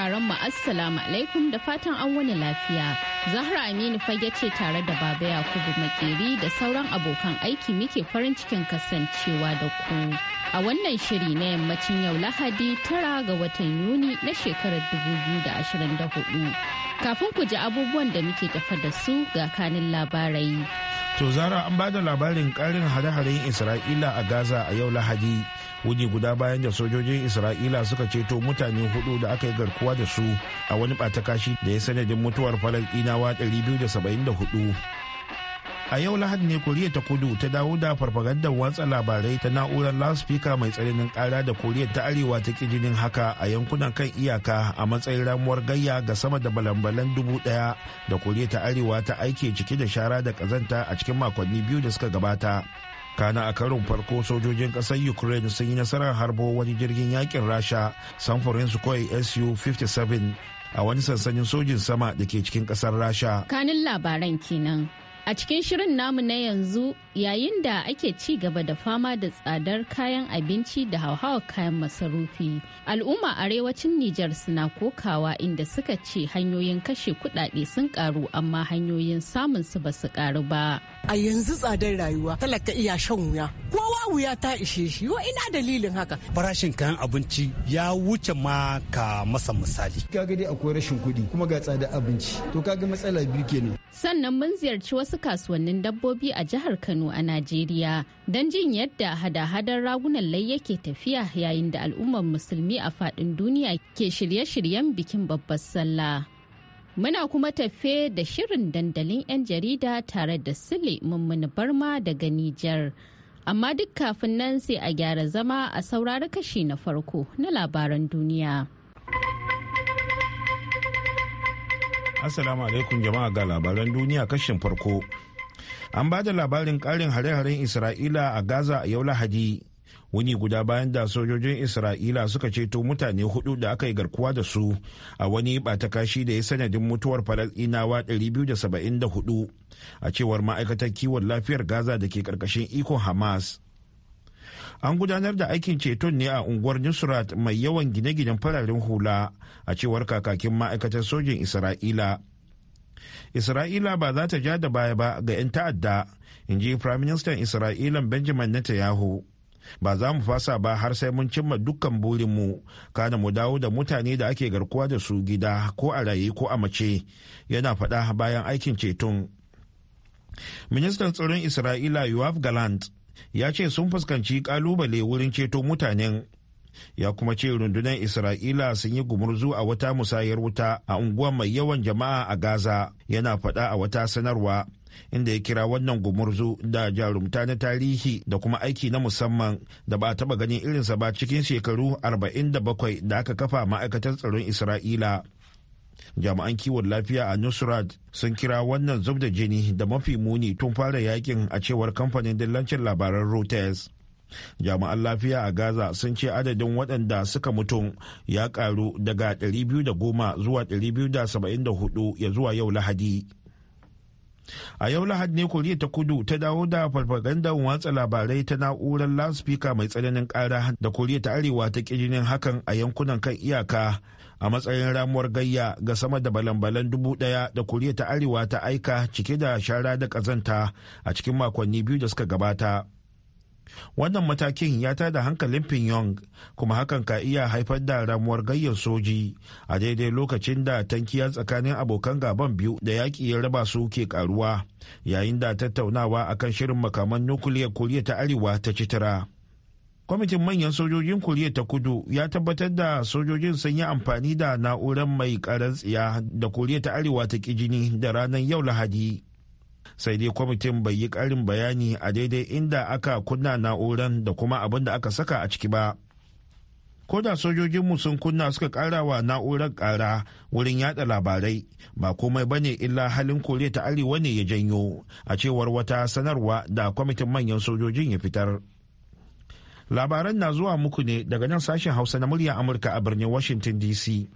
sauraron mu assalamu alaikum da fatan an wani lafiya. Zahra Aminu fage ce tare da Baba Yakubu Makeri da sauran abokan aiki muke farin cikin kasancewa da ku. A wannan shiri na yammacin yau Lahadi tara ga watan Yuni na shekarar dubu biyu da da ashirin hudu Kafin ku ji abubuwan da muke tafa da su ga kanin labarai. To zara an ba da labarin karin hare-haren Isra'ila a Gaza a yau Lahadi, wuni guda bayan da sojojin Isra'ila suka ceto mutane hudu da aka yi garkuwa da su a wani ɓatakashi da ya sanadin mutuwar Falasɗinawa 274. a yau lahadi ne koriya ta kudu ta dawo da farfagandar watsa labarai ta na'urar loudspeaker mai tsananin kara da koriya ta arewa ta kijinin haka a yankunan kan iyaka a matsayin ramuwar gayya ga sama da balambalan dubu ɗaya da koriya ta arewa ta aike cike da shara da kazanta a cikin makonni biyu da suka gabata kana a karon farko sojojin kasar ukraine sun yi nasarar harbo wani jirgin yakin rasha samfurin sukhoi su 57 a wani sansanin sojin sama da ke cikin kasar rasha kanin labaran kenan A cikin shirin namu na yanzu yayin da ake ci gaba da fama da tsadar kayan abinci da hauhawar kayan masarufi, al'umma arewacin Nijar suna kokawa inda suka ce hanyoyin kashe kudade sun karu amma hanyoyin samun su basu karu ba. A yanzu tsadar rayuwa talaka iya shan wuya. Kowa wuya ta ishe shi, wa ina dalilin haka. Farashin kayan abinci ya wuce ma ka masa misali. Kaga dai akwai rashin kuɗi kuma ga tsadar abinci. To kaga matsala biyu kenan. sannan mun ziyarci wasu kasuwannin dabbobi a jihar kano a najeriya don jin yadda hada-hadar ragunan lai yake tafiya yayin da al'ummar musulmi a faɗin duniya ke shirye-shiryen bikin babbar sallah muna kuma tafe da shirin dandalin 'yan jarida tare da sile mummuni barma daga nijar amma duk kafin nan sai a gyara zama a saurari kashi na farko na labaran duniya Assalamu alaikum jama'a ga labaran duniya kashin farko. An ba da labarin karin hare-haren Isra'ila a Gaza a yau Lahadi. wani guda bayan da sojojin Isra'ila suka ceto mutane hudu da aka yi garkuwa da su a wani batakashi da ya sanadin mutuwar Falasɗinawa 274 a cewar ma'aikatar kiwon lafiyar Gaza da ke ƙarƙashin ikon Hamas. an gudanar da aikin ceton ne a unguwar nusrat mai yawan gine-ginen fararen hula a cewar kakakin ma'aikatar sojin isra'ila isra'ila ba za ta ja da baya ba ga 'yan ta'adda in ji firaministan isra'ilan benjamin netanyahu ba za mu fasa ba har sai mun cimma dukkan burinmu kana mu dawo da mutane da ake garkuwa da su gida ko a raye ko a mace yana faɗa bayan aikin ceton ministan tsaron isra'ila yoav galant ya ce sun fuskanci kalubale wurin ceto mutanen ya kuma ce rundunar isra'ila sun yi gumurzu a wata musayar wuta a unguwa mai yawan jama'a a gaza yana faɗa a wata sanarwa inda ya kira wannan gumurzu da jarumta na tarihi da kuma aiki na musamman da ba a taɓa ganin irinsa ba cikin shekaru 47 da aka kafa ma'aikatar tsaron isra'ila jami'an kiwon lafiya a nusrat sun kira wannan zub da jini da mafi muni tun fara yakin a cewar kamfanin dillancin labaran reuters jami'an lafiya a gaza sun ce adadin waɗanda suka mutu ya karu daga 210 zuwa 274 ya zuwa yau lahadi a yau lahadi ne koriya ta kudu ta dawo da farfaganda watsa labarai ta na'urar lasfika mai tsananin kara da koriya ta arewa ta kirinin hakan a yankunan kan iyaka a matsayin ramuwar gayya ga sama da balan-balan dubu ɗaya da kuriya ta arewa ta aika cike da shara da ƙazanta a cikin makonni biyu da suka gabata. wannan matakin ya tada hankalin pyongyang kuma hakan ka iya haifar da ramuwar gayyar soji a daidai lokacin da tankiya tsakanin abokan gaban biyu da yaƙi ya raba su ke karuwa yayin da tattaunawa akan shirin makaman nukiliyar kuriya ta arewa ta citira kwamitin manyan sojojin koriya ta kudu ya tabbatar da sojojin sun yi amfani da na'urar mai karan tsiya da koriya ta arewa ta kijini da ranar yau lahadi sai dai kwamitin bai yi karin bayani a daidai inda aka kunna na'uran da kuma abin da aka saka a ciki ba ko da mu sun kunna suka kara wa na'urar kara wurin yada labarai ba komai bane illa halin koriya ta arewa ne ya janyo a cewar wata sanarwa da kwamitin manyan sojojin ya fitar labaran na zuwa muku ne daga nan sashen hausa na murya amurka a birnin washington dc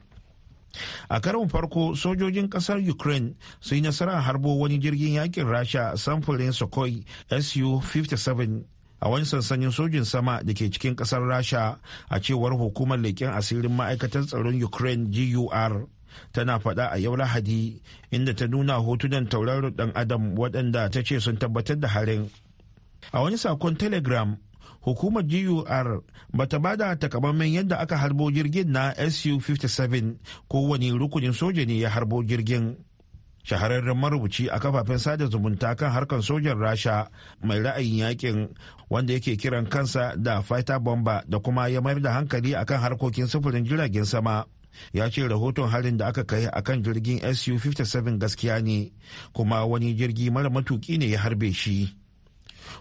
a karon farko sojojin kasar ukraine sun yi nasara harbo wani jirgin yakin rasha samfurin sukhoi su-57 a wani sansanin sojin sama da ke cikin kasar rasha a cewar hukumar leƙen asirin ma'aikatar tsaron ukraine gur tana faɗa a yau lahadi inda ta nuna hotunan tauraron ɗan adam waɗanda ta ce sun tabbatar da harin a wani sakon telegram hukumar dur bata bada takamaiman yadda aka harbo jirgin na su-57 kowane rukunin soja ne ya harbo jirgin shahararren marubuci a kafafen sada zumunta kan harkar sojan rasha mai ra'ayin yakin wanda yake kiran kansa da fighter bomber da kuma ya mayar da hankali akan harkokin sufurin jiragen sama ya ce rahoton harin da aka kai akan jirgin su-57 gaskiya ne kuma wani jirgi mara matuki ne ya harbe shi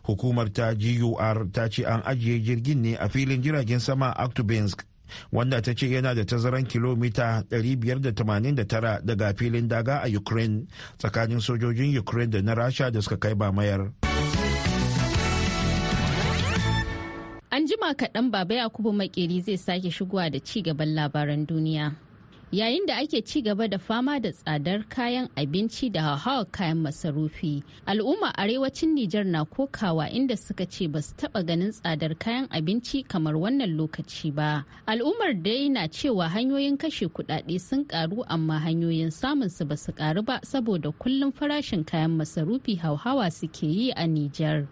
hukumar ta gur ta ce an ajiye jirgin ne a filin jiragen sama aktubinsk wanda ta ce yana da tazaran kilomita 589 daga filin daga a ukraine tsakanin sojojin ukraine da na rasha da suka kai bamayar an jima kaɗan baba yakubu makeri zai sake shigowa da ci gaban labaran duniya yayin da ake ci gaba da fama da tsadar kayan abinci da hauhawar kayan masarufi al'umma arewacin nijar na kokawa inda suka ce ba su taba ganin tsadar kayan abinci kamar wannan lokaci ba al'ummar dai na cewa hanyoyin kashe kudade sun karu amma hanyoyin samun su ba su karu ba saboda kullum farashin kayan masarufi hauhawa suke yi a nijar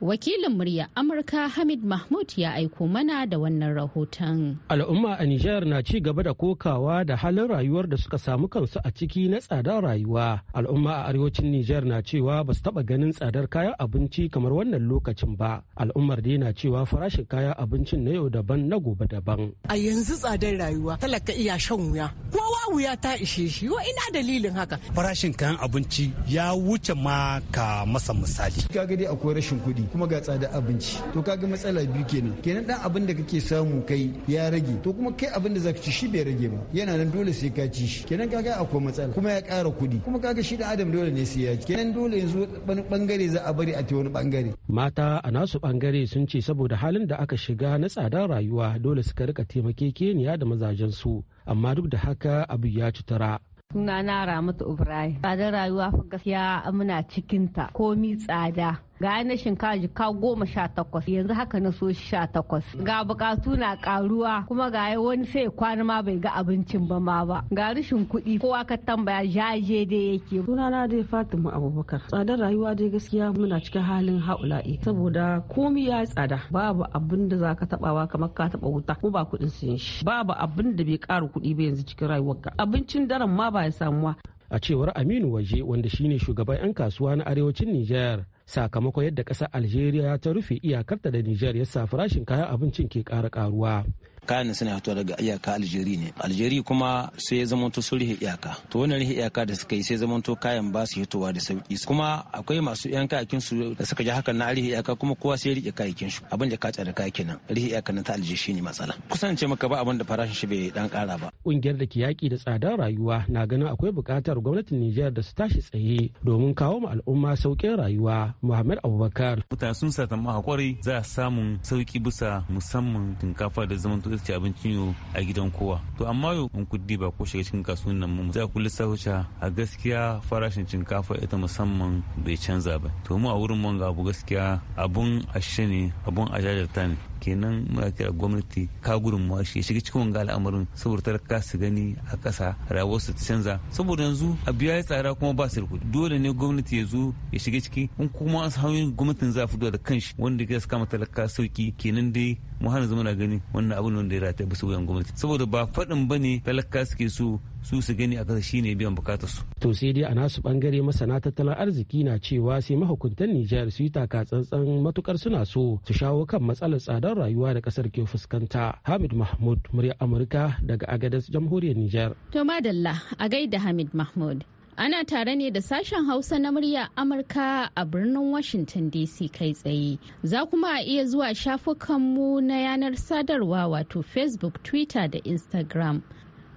wakilin murya amurka hamid mahmud ya aiko mana da wannan rahoton al'umma a nijar na ci gaba da kokawa da halin rayuwar da suka samu kansu a ciki na tsadar rayuwa al'umma a arewacin nijar na cewa ba su taba ganin tsadar kayan abinci kamar wannan lokacin ba al'ummar dai na cewa farashin kayan abincin na yau daban na gobe daban a yanzu tsadar rayuwa talaka iya shan wuya kowa wuya ta ishe shi wa ina dalilin haka farashin kayan abinci ya wuce ma ka masa misali ka gadi akwai rashin kuɗi kuma ga tsada abinci to kaga matsala biyu kenan kenan dan abin da kake samu kai ya rage to kuma kai abin da zaka ci shi bai rage ba yana nan dole sai ka ci shi kenan kaga akwai matsala kuma ya ƙara kuɗi kuma kaga shi da adam dole ne sai ya ci kenan dole yanzu bangare za a bari a ta wani bangare mata a nasu bangare sun ce saboda halin da aka shiga na tsadar rayuwa dole suka rika taimakekeniya da mazajen su amma duk da haka abu ya cutara na ramatu ibrahim tsadar rayuwa fa gaskiya muna cikinta komi tsada ga na shinkafa jika goma sha takwas yanzu haka na so sha takwas ga bukatu na karuwa kuma ga wani sai kwana ma bai ga abincin ba ma ba ga rashin kuɗi kowa ka tambaya jaje dai yake sunana dai fatima abubakar tsadar rayuwa dai gaskiya muna cikin halin haula'i saboda komi ya tsada babu abin da za ka tabawa kamar ka taba wuta ko ba kuɗin sun shi babu abin da bai ƙara kuɗi ba yanzu cikin rayuwarka abincin daren ma ba ya samuwa a cewar aminu waje wanda shine shugaban 'yan kasuwa na arewacin nijar sakamakon yadda ƙasar algeria ta rufe iyakarta da niger yasa farashin kayan abincin ke ƙara ƙaruwa kayan suna fitowa daga iyaka aljeri ne aljeri kuma sai ya zamanto su rihe iyaka to wannan rihe iyaka da suka yi sai zamanto kayan ba su fitowa da sauki kuma akwai masu yan kayakin su da suka ji hakan na rihe iyaka kuma kowa sai ya rike kayakin shi abin da ka tsare kayakin nan rihe iyaka na ta aljeri shine matsala kusance maka ba abin da farashin shi bai dan kara ba kungiyar da ke yaki da tsadar rayuwa na ganin akwai bukatar gwamnatin Nijar da su tashi tsaye domin kawo ma al'umma sauƙin rayuwa Muhammad Abubakar mutane sun sa tamma hakuri za a samu sauki bisa musamman shinkafa da za abincin yau a gidan kowa to amma yau in kuddi ba ko shiga cikin kasuwan nan mu za ku lissafa a gaskiya farashin shinkafa ita musamman bai canza ba to mu a wurin mun abu gaskiya abun ashe ne abun ajajarta ne kenan muna kira gwamnati ka gudun mashi ya shiga cikin wanga al'amarin saboda talaka su gani a ƙasa rayuwar su canza saboda yanzu a biya ya tsara kuma ba su rikudi dole ne gwamnati ya zo ya shiga ciki in kuma an hanyoyin gwamnatin za a fito da kanshi wanda ya kama talaka sauki kenan dai mu hana zama na gani wannan abin wanda ya rata bisa wuyan gwamnati saboda ba faɗin ba ne talaka suke so su su gani a kasa shine biyan bukatar su. To sai dai a nasu bangare masana tattalin arziki na cewa sai mahukuntan Nijar su yi taka tsantsan matukar suna so su shawo kan matsalar tsadar rayuwa da kasar ke fuskanta. Hamid Mahmud murya Amurka daga Agadez Jamhuriyar Nijar. To madalla a gaida Hamid Mahmud. Ana tare ne da sashen Hausa na murya Amurka a birnin Washington DC kai tsaye. Za kuma a iya zuwa shafukanmu na yanar sadarwa wato Facebook, Twitter da Instagram.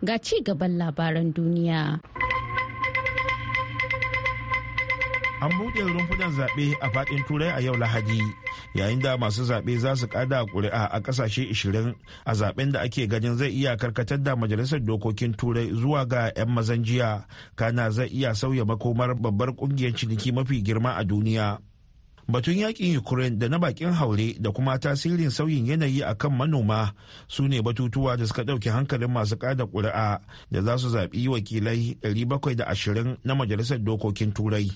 ga ci gaban labaran duniya. an buɗe rumfunan zaɓe a faɗin turai a yau lahadi yayin da masu zaɓe za su ƙada ƙuri'a a ƙasashe 20 a zaɓen da ake ganin zai iya karkatar da majalisar dokokin turai zuwa ga 'yan mazan jiya kana zai iya sauya makomar babbar ƙungiyar ciniki mafi girma a duniya batun yakin ukraine da na bakin haure da kuma tasirin sauyin yanayi a kan manoma su ne batutuwa da suka ɗauki hankalin masu kada ƙuri'a da za su zaɓi wakilai 720 na majalisar dokokin turai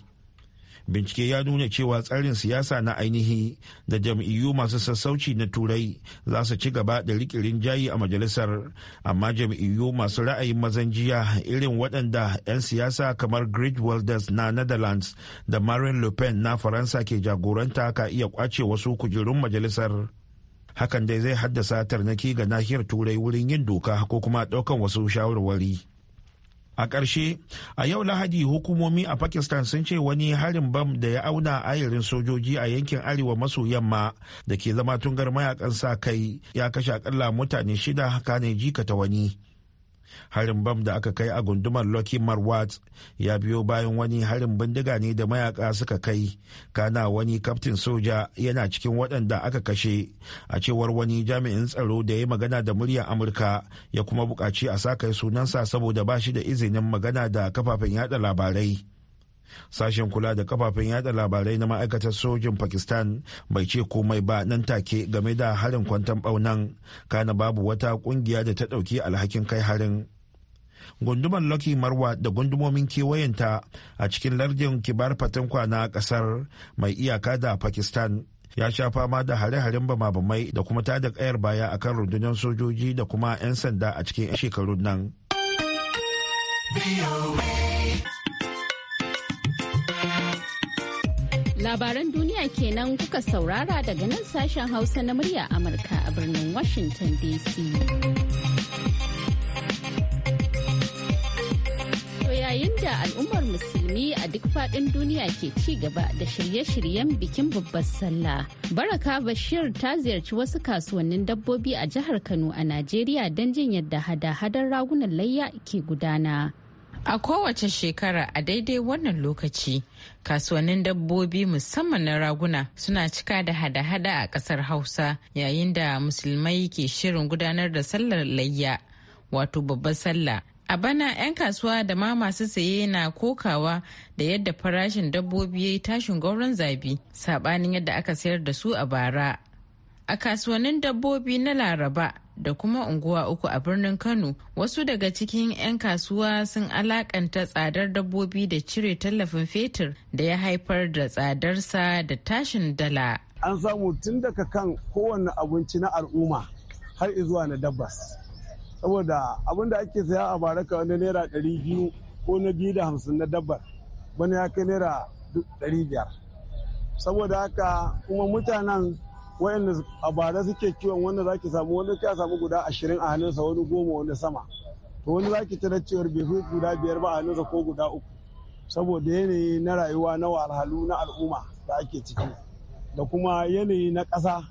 bincike ya nuna cewa tsarin siyasa na ainihi da jam'iyyu masu sassauci na turai za su ci gaba da rikirin jayi a majalisar amma jam'iyyu masu ra'ayin mazan jiya irin waɗanda 'yan siyasa kamar great welders na netherlands da marine le pen na faransa ke jagoranta ka iya kwace wasu kujerun majalisar hakan dai zai haddasa tarnaki ga nahiyar turai wurin yin doka ko kuma ɗaukan wasu shawarwari. A ƙarshe, a yau Lahadi hukumomi a Pakistan sun ce wani harin bam da ya auna ayarin sojoji a yankin arewa maso yamma da ke zama tungar mayakan sa kai ya kashe akalla mutane shida kane jika ta wani. harin bam da aka kai a gundumar lucky marwat ya biyo bayan wani harin bindiga ne da mayaka suka kai kana wani kaftin soja yana cikin waɗanda aka kashe a cewar wani jami'in tsaro da ya magana da murya amurka ya kuma buƙaci a sa kai sunansa saboda ba shi da izinin magana da kafafen yada labarai Sashen kula da kafafen yada labarai na ma'aikatar sojin Pakistan bai ce komai ba nan take game da harin kwantan ɓaunan, kana babu wata kungiya da ta ɗauki alhakin kai harin. gundumar Lucky Marwa da gundumomin kewayenta a cikin lardin kibar fatankwa na kasar mai iyaka da Pakistan. Ya sha fama da hare-haren bama-bamai da kuma ta da kayar baya akan rundunar sojoji da kuma 'yan sanda a cikin shekarun nan. Labaran duniya kenan kuka saurara daga nan sashen Hausa na murya Amurka a birnin Washington DC. yayin da al'ummar musulmi a duk faɗin duniya ke ci gaba da shirye-shiryen bikin babbar sallah baraka bashir ta ziyarci wasu kasuwannin dabbobi a jihar kano a najeriya don jin yadda hada-hadar ragunan layya ke gudana A kowace shekara a daidai wannan lokaci, kasuwannin dabbobi musamman na raguna suna cika da hada-hada a ƙasar Hausa yayin da musulmai ke shirin gudanar da sallar layya, wato babbar sallah. A bana 'yan kasuwa da ma masu saye na kokawa da yadda farashin dabbobi ya yi tashin gauron zabi, saɓanin yadda aka sayar da su a bara. a kasuwannin dabbobi na laraba da kuma unguwa uku a birnin kano wasu daga cikin 'yan kasuwa sun alakanta tsadar dabbobi da cire tallafin fetur da ya haifar da tsadarsa da tashin dala an samu tun daga kan kowane abinci na al'umma har zuwa na dabbas saboda abin da ake saya a baraka wani naira ɗari biyu ko na biyu da hamsin na dabbar bana ya kai naira ɗari biyar saboda haka kuma mutanen wayanda a bara suke kiwon wanda zaki samu wani ka samu guda ashirin a hannunsa wani goma wani sama to wani zaki tana cewa bai fi guda biyar ba a hannunsa ko guda uku saboda yanayi na rayuwa na wahalhalu na al'umma da ake ciki da kuma yanayi na ƙasa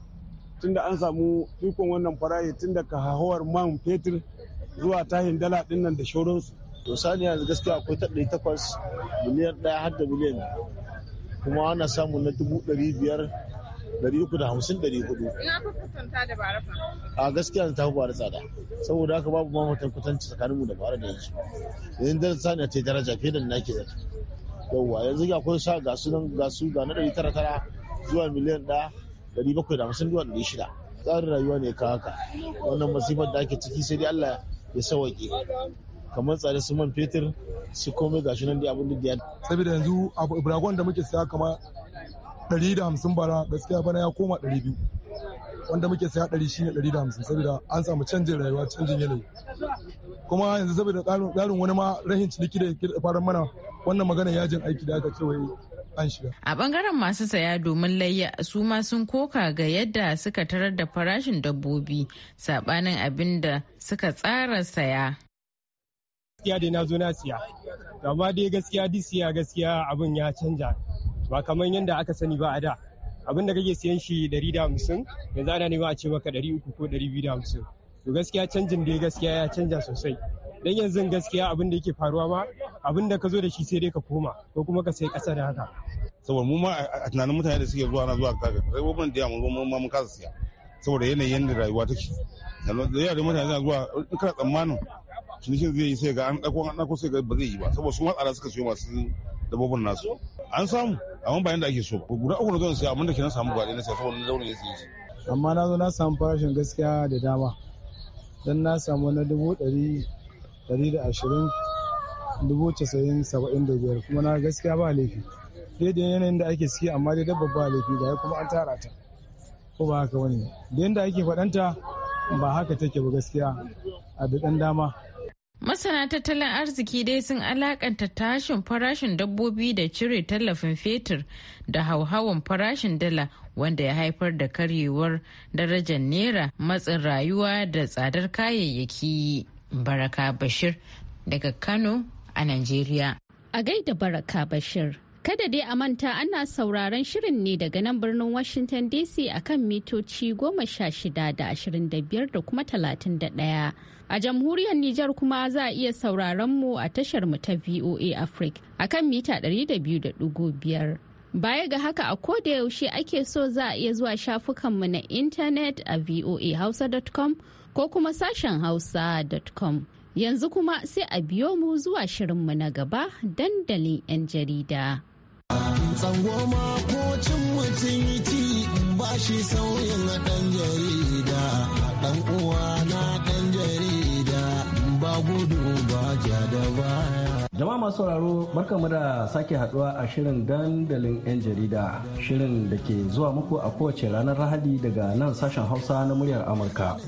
tunda an samu ikon wannan faraye tun daga hahawar man fetur zuwa tahin dala dinnan da shoronsu. to saniya gaskiya akwai ta ɗari takwas miliyan ɗaya har da miliyan kuma ana samu na dubu ɗari biyar dari 400 Ina ku kusanta da bara A gaskiya ta fi bara tsada. Saboda haka babu mamatan kutanci tsakanin mu da bara da yanzu. Yanzu da saniya ta daraja fiye da nake zato. Yawwa yanzu ga akwai sa gasu nan gasu ga na 900 zuwa miliyan ɗaya bakwai 1 750 zuwa shida. Tsarin rayuwa ne ka haka. Wannan masifar da ake ciki sai dai Allah ya sawaƙe. kamar tsare su man fetur su komai gashi nan dai abin da ya. Saboda yanzu abu da muke saya kamar hamsin bara gaskiya bana ya koma 200 wanda muke saya 100 shine 150 saboda an samu canjin rayuwa canjin yanayi kuma yanzu saboda tsarin wani ma rahin ciniki da ya fara mana wannan magana yajin aiki da aka ce wai an shiga. A bangaren masu saya domin layya su ma sun koka ga yadda suka tarar da farashin dabbobi sabanin abin da suka tsara saya. Gaskiya dai na zo na siya, amma dai gaskiya disiya gaskiya abin ya canja. ba kamar yadda aka sani ba a da abin da kake siyan shi 150 yanzu ana nema a ce maka 300 ko 250 to gaskiya canjin da gaskiya ya canja sosai dan yanzu gaskiya abin da yake faruwa ma abin da ka zo da shi sai dai ka koma ko kuma ka sai ƙasa da haka saboda mu ma a tunanin mutane da suke zuwa na zuwa kaga rayuwar da yamu mu ma mun kasa siya saboda yanayin da rayuwa take da yare da mutane suna zuwa in kana tsammanin cinikin zai yi sai ga an ɗauko an ɗauko sai ga ba zai yi ba saboda su ma tsara suka siyo masu dabobin nasu an samu amma ba yanda ake so ba guda uku na zuwa sai amma da ke na samu gwaɗe na sai saboda na zaune ya siye shi amma na zo na samu farashin gaskiya da dama don na samu na dubu ɗari ɗari da ashirin dubu casa'in saba'in da biyar kuma na gaskiya ba laifi daidai yanayin da ake ciki amma dai dabba ba laifi ga kuma an tara ta ko ba haka wani da yanda ake faɗanta ba haka take ba gaskiya a da dama Masana tattalin arziki dai sun alakanta tashin farashin dabbobi da cire tallafin fetur da hauhawan farashin dala wanda ya haifar da karyewar darajar naira matsin rayuwa da tsadar kayayyaki. Baraka Bashir daga Kano a Najeriya. A gaida Baraka Bashir. Kada dai a manta ana sauraron shirin ne daga nan birnin Washington DC akan mitoci goma sha shida da ashirin da biyar da kuma talatin ɗaya. A jamhuriyar Nijar kuma za a iya sauraron mu a tashar mu ta VOA Africa a kan mita 200.5. Baya ga haka a koda yaushe ake so za a iya zuwa shafukanmu na intanet a voahausa.com ko kuma sashen hausa.com. Yanzu kuma sai a biyo mu zuwa shirinmu na gaba dandalin 'yan jarida. mutum ba shi sauyin ɗan jarida ɗan uwana. gudu ba ja da baya. Jama'a masu sauraro barkamu da sake haduwa a shirin dandalin 'yan jarida shirin da ke zuwa muku a kowace ranar Lahadi daga nan sashen Hausa na muryar Amurka.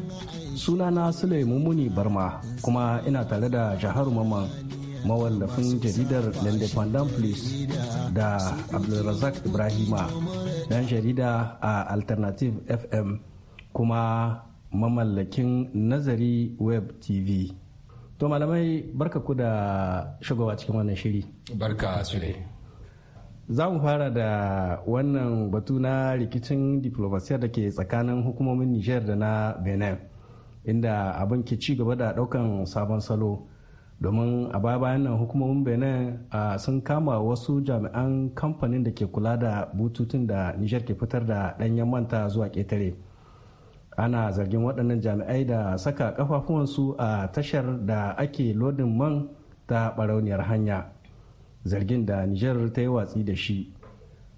Sunana Sule Mumuni Barma kuma ina tare da Jaharu Mamman mawallafin jaridar L'Independent Police da Abdulrazak Ibrahima dan jarida a Alternative FM kuma mamallakin nazari web tv to malamai barka ku da shigowa cikin wannan shiri barka sule za mu fara da wannan batu na rikicin diplomasiyar da ke tsakanin hukumomin nijar da na benin inda abin ke ci gaba da daukan sabon salo domin a baya bayan nan hukumomin benin sun kama wasu jami'an kamfanin da ke kula da bututun da nijar ke fitar da ɗanyen manta zuwa ƙetare. ana zargin waɗannan jami'ai da saka kafafuwansu a tashar da ake lodin man ta barauniyar hanya zargin da niger ta yi watsi da shi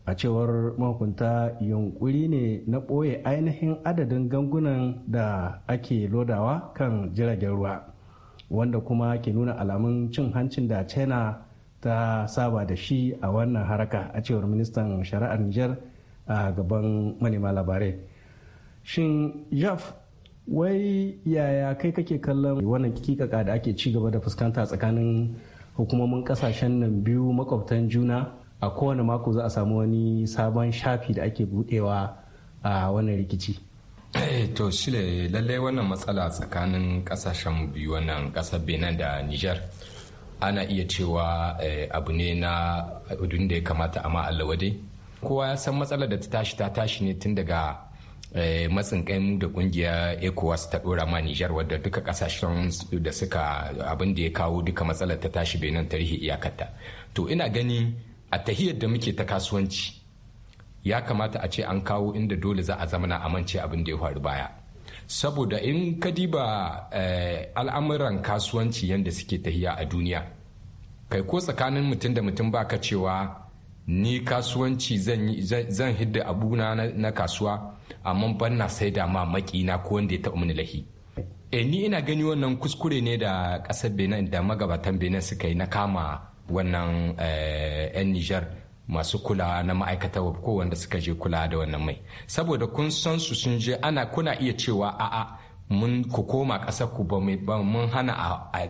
a cewar mahukunta yunkuri ne na ɓoye ainihin adadin gangunan da ake lodawa kan jiragen ruwa wanda kuma ke nuna alamun cin hancin da china ta saba da shi a wannan haraka a cewar ministan shari'ar niger a gaban manema labarai shin jeff wai yaya kai kake kallon wannan kikaka da ake ci gaba da fuskanta tsakanin hukumomin kasashen nan biyu makwabtan juna a kowane mako za a samu wani sabon shafi da ake budewa a wannan rikici eh, to shile lallai wannan matsala tsakanin kasashen biyu wannan kasar benin da niger ana iya cewa eh, abu ne na da ya kamata a ma'allawa dai kowa ya san matsalar da ta tashi ta tashi ne tun daga Eh, matsin da kungiya ecowas ta dora ma nijar wadda duka kasashen da suka abin da ya kawo duka matsalar ta tashi benin tarihi iyakarta to ina gani a tahiyar da muke ta kasuwanci ya kamata a ce an kawo inda dole za a zamana amince abin da ya faru baya saboda in ka diba eh, al'amuran kasuwanci yadda suke tahiya a duniya kai ko tsakanin mutum da mutum baka cewa ni kasuwanci zan hidda abuna na kasuwa amma ban na da ma makina ko wanda ya taɓa mini lahi e ni ina gani wannan kuskure ne da ƙasar benin da magabatan benin suka yi na kama wannan 'yan eh, nijar masu kula na ma'aikata ko wanda suka je kula da wannan mai saboda kun san su sun je ana kuna iya cewa a'a mun ku koma ƙasar ku ba mun hana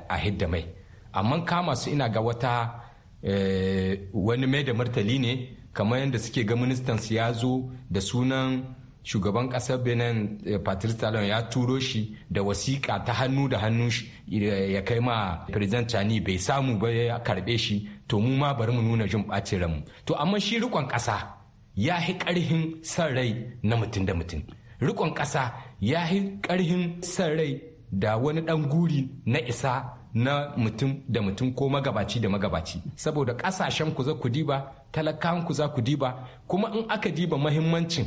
a hidda mai amma kama su ina ga wata Eh, wani mai da martali ne kamar yadda suke ga ministan ya zo da sunan shugaban kasar benin eh, patrice talon ya turo shi da wasiƙa ta hannu da hannu eh, ya kai ma president chani bai samu ba ya karbe shi to mu ma bari mu nuna jin ɓacin ranmu to amma shi rikon ƙasa ya fi ƙarhin san rai na mutum da mutum rikon ƙasa ya fi ƙarhin san rai da wani ɗan guri na isa na mutum da mutum ko magabaci da magabaci saboda ƙasashen ku za ku diba talakan ku za ku diba kuma in aka diba mahimmancin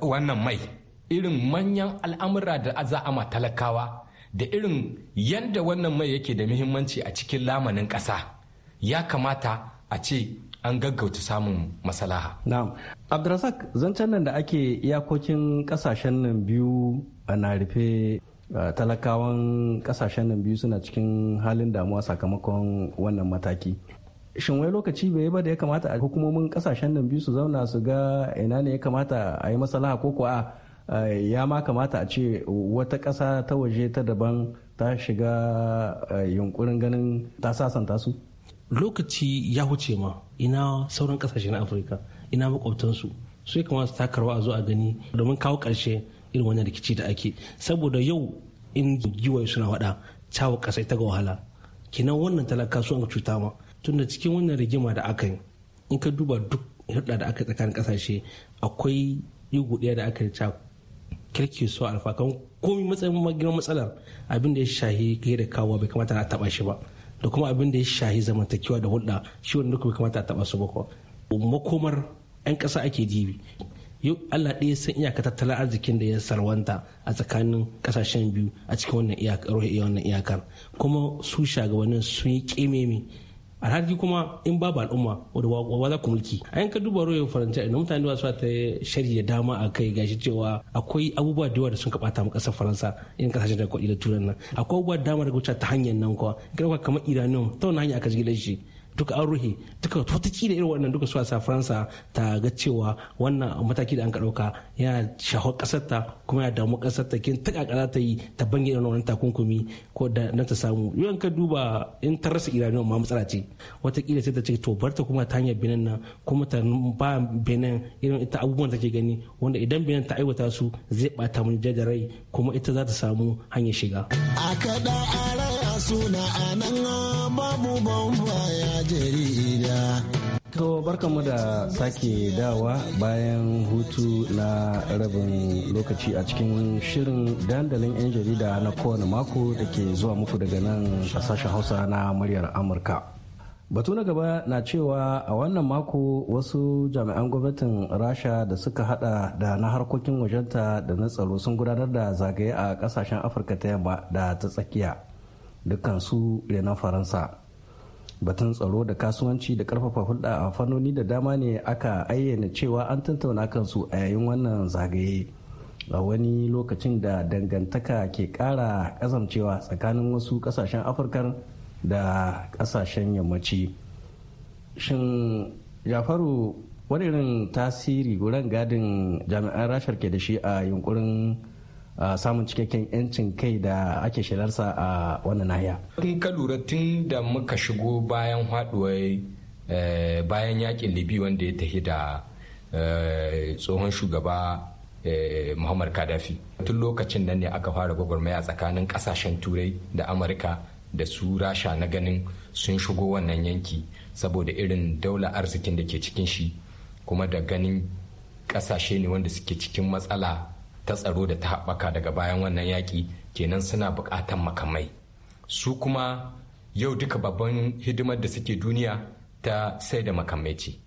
wannan mai irin manyan al'amura da za a talakawa da irin yadda wannan mai yake da mahimmanci a cikin lamanin ƙasa ya kamata a ce an gaggauta samun masalaha. Na'am. Abdulrazak zancen nan da ake iyakokin kasashen nan biyu ana rufe Uh, talakawan kasashen nan biyu suna cikin halin damuwa sakamakon wannan mataki shin wai lokaci bai ba da ya kamata a hukumomin kasashen nan biyu su zauna su ga ina ne ya kamata a yi masalaha ko kuwa eh, ya ma kamata a ce wata ƙasa ta waje ta daban ta shiga eh, yunkurin ganin ta sasanta su lokaci ya huce ma ina sauran kasashe na afirka ina makwabtansu su ya kamata su takarwa a zo a gani domin kawo ƙarshe irin wannan rikici da ake saboda yau in giwaye suna wada cawa kasai ta ga wahala kinan wannan talaka su ga cuta ma tunda cikin wannan rigima da aka yi in ka duba duk hirɗa da aka tsakanin kasashe akwai yugu ɗaya da aka yi ca kirki su alfakan komi matsayin magiran matsalar abin da ya shahi kai da kawo bai kamata a taɓa shi ba da kuma abin da ya shahi zamantakewa da hulɗa shi wanda duka bai kamata a taɓa su ba ko makomar 'yan ƙasa ake jibi. yau Allah ɗaya san iyaka tattalin arzikin da ya sarwanta a tsakanin kasashen biyu a cikin wannan iyakar wannan iyakar kuma su shagabannin sun yi a alhaki kuma in babu al'umma wadda wa za ku mulki a yanka duba royal faranta inda mutane ba su ta shari da dama a kai gashi cewa akwai abubuwa da yawa da sun ka bata mu kasar faransa in kasashen da kwaɗi da turan nan akwai abubuwa dama da wuce ta hanyar nan kuwa kuma kamar iranium ta wani hanya aka jigilar shi duka an ruhe duka da irin wannan duka su sa faransa ta ga cewa wannan mataki da an ka ɗauka yana shaho kasar ta kuma ya damu kasar ta kin taka ta yi ta bange irin wannan takunkumi ko da na ta samu yawan ka duba in ta rasa iraniyan ma matsala ce watakila sai ta ce to barta kuma ta hanyar benin nan kuma ta ba benin irin ita abubuwan take gani wanda idan benin ta aiwata su zai ɓata mun jajarai kuma ita za ta samu hanyar shiga. a da a suna anan babu bamba ya jarida To mu da sake dawa bayan hutu na rabin lokaci a cikin shirin dandalin 'yan jarida na kowane mako da ke zuwa muku daga nan a sashen hausa na muryar Amurka. Batu na gaba na cewa a wannan mako wasu jami'an gwamnatin Rasha da suka hada da na harkokin wajenta da na tsaro sun gudanar da zagaye a kasashen Afirka ta yamma da ta tsakiya. dukansu na faransa batun tsaro da kasuwanci da karfafa hulɗa a fannoni da dama ne aka ayyana cewa an tantauna kansu a yayin wannan zagaye a wani lokacin da dangantaka ke ƙara kasancewa tsakanin wasu ƙasashen afirka da ƙasashen yammaci shin jafaru wani irin tasiri wurin gadin jami'an rashar ke da shi a yunkurin samun cikakken 'yancin kai da ake shirarsa a wannan nahiya. Tun ka lura tun da muka shigo bayan haɗuwar eh, bayan yakin Libi wanda ya tafi da eh, tsohon shugaba eh, Muhammad Kadafi. Tun lokacin nan ne aka fara gwagwarmaya tsakanin kasashen Turai da Amurka da su rasha na ganin sun shigo wannan yanki saboda irin daula arzikin da ke cikin shi kuma da ganin ƙasashe ne wanda suke cikin matsala ta tsaro da ta haɓaka daga bayan wannan yaƙi kenan suna buƙatan makamai su kuma yau duka babban hidimar da suke duniya ta sai da makamai ce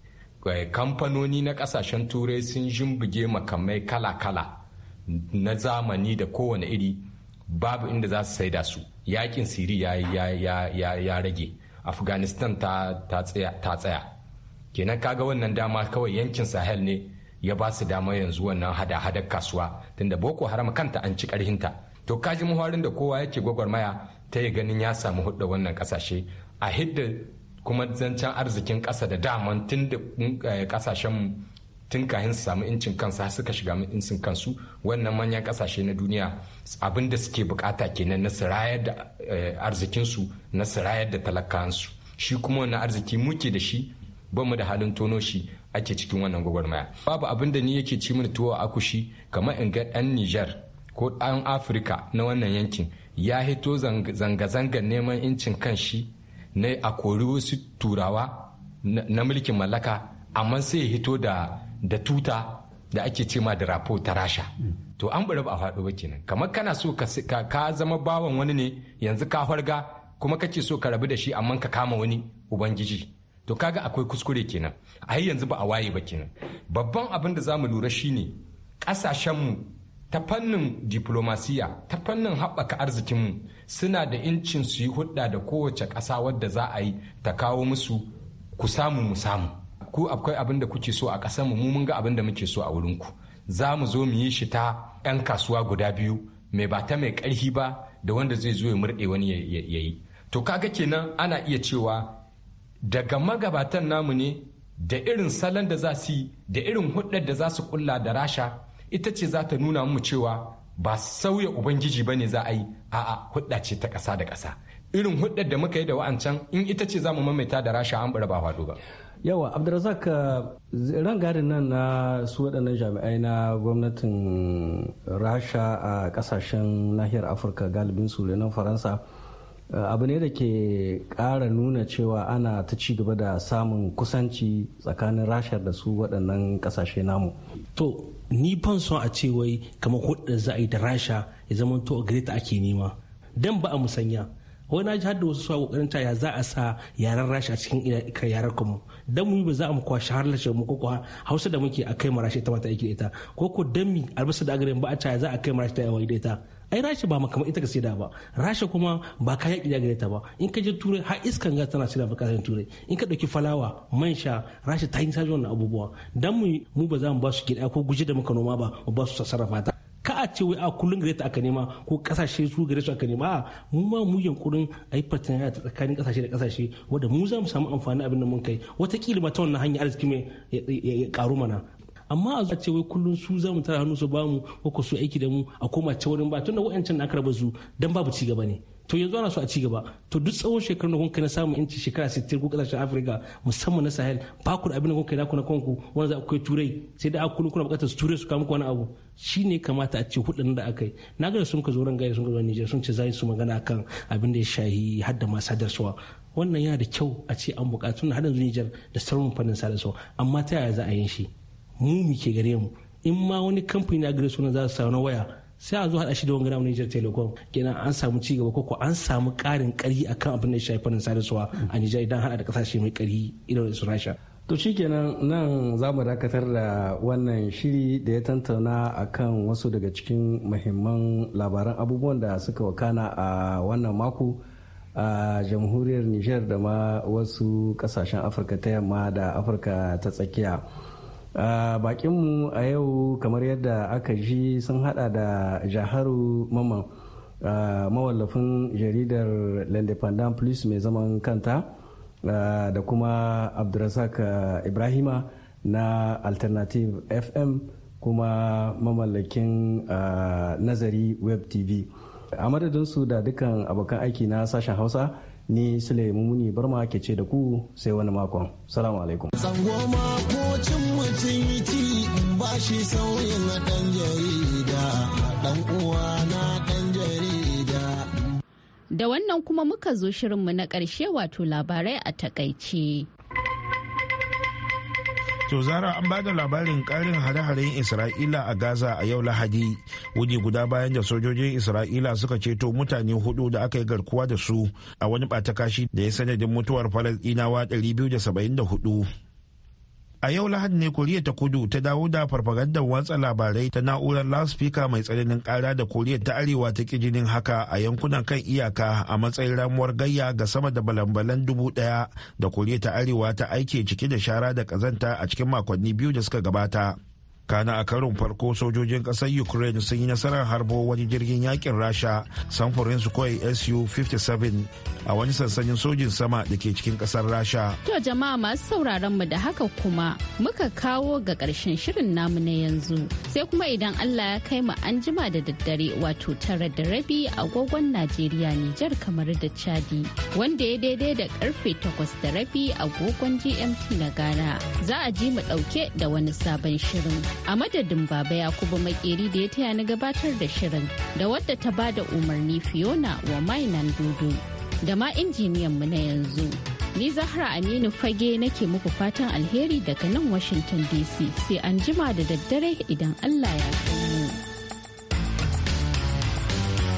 eh, kamfanoni na ƙasashen turai sun jimbige makamai kala-kala na zamani da kowane iri babu inda za su sai da su yaƙin siri ya rage afghanistan ta tsaya kenan kaga wannan dama kawai yankin sahel ne ya ba su dama yanzu wannan hada-hadar kasuwa tunda boko haram kanta an ci karhinta to kaji muharin da kowa yake gwagwarmaya ta yi ganin ya samu hudda wannan kasashe a hidda kuma zancen arzikin kasa da daman tun da kasashen mm, eh, tun kahin su samu incin kansu har suka shiga incin kansu wannan manyan kasashe na duniya abin da suke bukata kenan na sirayar da eh, arzikinsu na sirayar da talakansu shi kuma wani arziki muke da shi ba mu da halin tono shi ake cikin wannan gwagwarmaya babu abin da ni yake ci mini tuwo a akushi kamar in ga dan Niger ko dan Afirka na wannan yankin ya hito zanga-zangar neman incin kan shi na a kori wasu turawa na mulkin mallaka amma sai ya hito da da tuta da ake ce ma da rapo ta rasha to an bari ba a faɗo ba kenan kamar kana so ka zama bawan wani ne yanzu ka farga kuma kake so ka rabu da shi amma ka kama wani ubangiji to kaga akwai kuskure kenan a yanzu ba a waye ba kenan babban abin da za mu lura shine ƙasashenmu ta fannin diplomasiya ta fannin haɓaka arzikinmu suna da incin su yi hudda da kowace ƙasa wadda za a yi ta kawo musu ku samu mu samu ku akwai abin da kuke so a ƙasarmu mu mun ga abin da muke so a wurinku za mu zo mu yi shi ta 'yan kasuwa guda biyu mai ba ta mai ƙarfi ba da wanda zai zo ya murɗe wani ya yi to kaga kenan ana iya cewa daga magabatan namu ne da irin salon da za su yi da irin hudar da za su kulla da rasha ita ce za ta nuna mu cewa ba sauya ubangiji ba ne za a yi a'a hudda ce ta ƙasa da ƙasa irin hudar da muka yi da wa'ancan in ita ce za mu mamaita da rasha an bura ba hado ba yawa abdulrazak uh, rangadin nan na su waɗannan jami'ai na gwamnatin rasha a ƙasashen nahiyar afirka galibin su renon faransa Eh, abu ne da ke kara nuna cewa ana ta ci gaba da samun kusanci tsakanin rasha da su waɗannan ƙasashe namu to ni fan son a ce wai kamar hudu za a yi da rasha ya zama to a ta ake nema dan ba a musanya wani ji hadda wasu suwa kokarin ta ya za a sa yaren rasha a cikin yaren kuma dan mu ba za mu kwashi shahar lashe mu ko hausa da muke a kai mu rasha ita ma ta aiki ita ko ko dan mi albasa da agarin ba a ta ya za a kai mu rasha ta yawa da ita ai rasha ba makama ita ka saida ba rasha kuma ba ka kida gare ta ba in ka je turai har iskan gas tana saida ba turai in ka dauki falawa man sha rasha ta yi sajo wannan abubuwa dan mu mu ba za mu ba su gida ko guje da muka noma ba mu ba su sarrafa ta ka a ce wai a kullun gare ta aka nema ko kasashe su gare su aka nema a mu ma mu yankurin a yi fatanaya ta tsakanin kasashe da kasashe wadda mu za mu samu amfani abin da mun kai wata ma ta wannan hanyar arziki mai ya karu mana amma a zuwa ce wai kullum su za mu tara hannu su ba mu ko su aiki da mu a koma ce wurin ba tun da wa'ancan na aka raba su dan babu ci gaba ne to yanzu ana so a ci gaba to duk tsawon shekarun da kun kai na samun inci shekara 60 ko kasashen afirka musamman na sahel ba ku da abin da kun kai na kuna kanku wanda za ku kai turai sai da kullum kuna bukatar su turai su kawo wani abu shine kamata a ce hudun da aka yi na ga sun ka zo ran gaya sun ka zo Niger sun ce za su magana akan abin da ya shahi hadda ma suwa wannan yana da kyau a ce an bukatu na hadin Niger da sauran fannin sadarwa amma ta yaya za a yin shi mu ke gare mu in ma wani kamfani na gare sunan za su samu na waya sai a zo haɗa shi da wangana Niger Telecom kenan an samu ci gaba koko an samu ƙarin ƙari akan abin da ya shafi fannin sadarwa a nijar idan haɗa da ƙasashe mai ƙari irin su Rasha. To shi kenan nan za mu dakatar da wannan shiri da ya tantauna akan wasu daga cikin mahimman labaran abubuwan da suka wakana a wannan mako a jamhuriyar Nijar da ma wasu kasashen Afirka ta yamma da Afirka ta tsakiya. bakinmu a yau kamar yadda aka ji sun hada da jaharu mamman mawallafin jaridar l'independent plus mai zaman kanta da kuma abdulrazak ibrahima na alternative fm kuma mamallakin nazari web tv a madadinsu da dukkan abokan aiki na sashen hausa ni sule bar barma ke ce da ku sai wani makon salamu alaikum zango cin mutum yi ba shi sauyin dan jarida dan uwa na dan jarida da wannan kuma muka zo shirinmu na ƙarshe wato labarai a takaice To zara an bada labarin karin hare-haren Isra'ila a Gaza a yau Lahadi, wuni guda bayan da sojojin Isra'ila suka ceto mutane hudu da aka yi garkuwa da su a wani ɓatakashi da ya sanadin mutuwar Falasɗinawa 274. A yau Lahadi ne Koriya ta Kudu ta dawo da farfagandar watsa labarai ta na'urar loudspeaker mai tsananin kara da Koriya ta Arewa ta kijinin haka a yankunan kan iyaka a matsayin ramuwar gayya ga sama da balambalan dubu daya da Koriya ta Arewa ta aike cike da shara da kazanta a cikin makonni biyu da suka gabata. kana a karin farko sojojin ƙasar ukraine sun yi nasarar harbo wani jirgin yakin rasha samfurin su kawai su 57 a wani sansanin sojin sama da ke cikin ƙasar rasha to jama'a masu sauraron mu da haka kuma muka kawo ga karshen shirin namu na yanzu sai kuma idan allah ya kai mu an jima da daddare wato tara da rabi agogon najeriya nijar kamar da chadi wanda ya daidai da karfe takwas da rabi agogon gmt na ghana za a ji mu dauke da wani sabon shirin a madadin baba yakubu makeri da ya taya na gabatar da shirin da wadda ta ba da umarni fiona wa mainan dudu da ma injiniyan mu na yanzu ni zahra aminu fage nake muku fatan alheri daga nan washington dc sai an jima da daddare idan allah ya kai